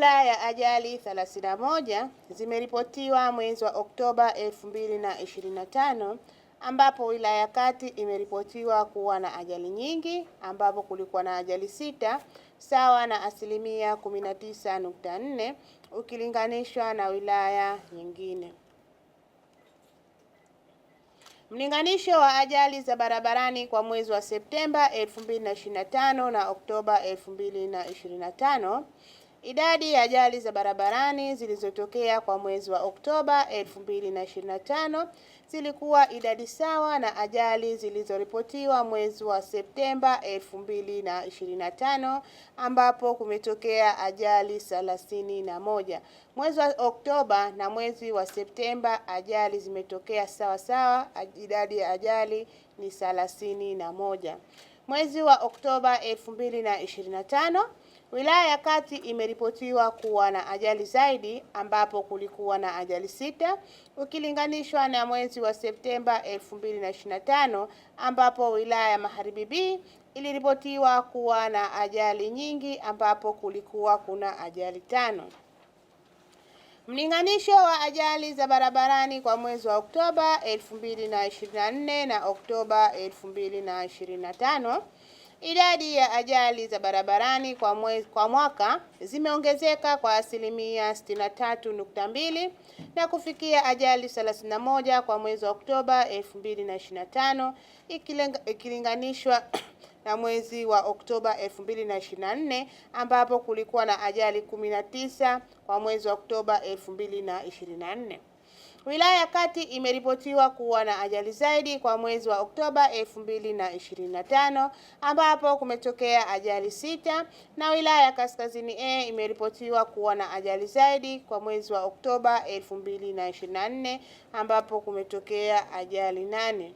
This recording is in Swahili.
Jumla ya ajali 31 zimeripotiwa mwezi wa Oktoba 2025 ambapo wilaya Kati imeripotiwa kuwa na ajali nyingi ambapo kulikuwa na ajali sita sawa na asilimia 19.4 ukilinganishwa na wilaya nyingine. Mlinganisho wa ajali za barabarani kwa mwezi wa Septemba 2025 na Oktoba 2025 Idadi ya ajali za barabarani zilizotokea kwa mwezi wa Oktoba 2025 zilikuwa idadi sawa na ajali zilizoripotiwa mwezi wa Septemba 2025 ambapo kumetokea ajali 31. Mwezi wa Oktoba na mwezi wa Septemba ajali zimetokea sawa sawa, idadi ya ajali ni 31 mwezi wa Oktoba 2025 wilaya ya Kati imeripotiwa kuwa na ajali zaidi ambapo kulikuwa na ajali sita ukilinganishwa na mwezi wa Septemba 2025 ambapo wilaya ya Magharibi B iliripotiwa kuwa na ajali nyingi ambapo kulikuwa kuna ajali tano. Mlinganisho wa ajali za barabarani kwa mwezi wa Oktoba 2024 na Oktoba 2025. Idadi ya ajali za barabarani kwa mwezi, kwa mwaka zimeongezeka kwa asilimia 63.2 na kufikia ajali 31 kwa mwezi wa Oktoba 2025 ikilinganishwa na mwezi wa Oktoba 2024 ambapo kulikuwa na ajali 19 kwa mwezi wa Oktoba 2024. Wilaya ya Kati imeripotiwa kuwa na ajali zaidi kwa mwezi wa Oktoba 2025 ambapo kumetokea ajali sita na wilaya ya Kaskazini A imeripotiwa kuwa na ajali zaidi kwa mwezi wa Oktoba 2024 ambapo kumetokea ajali nane.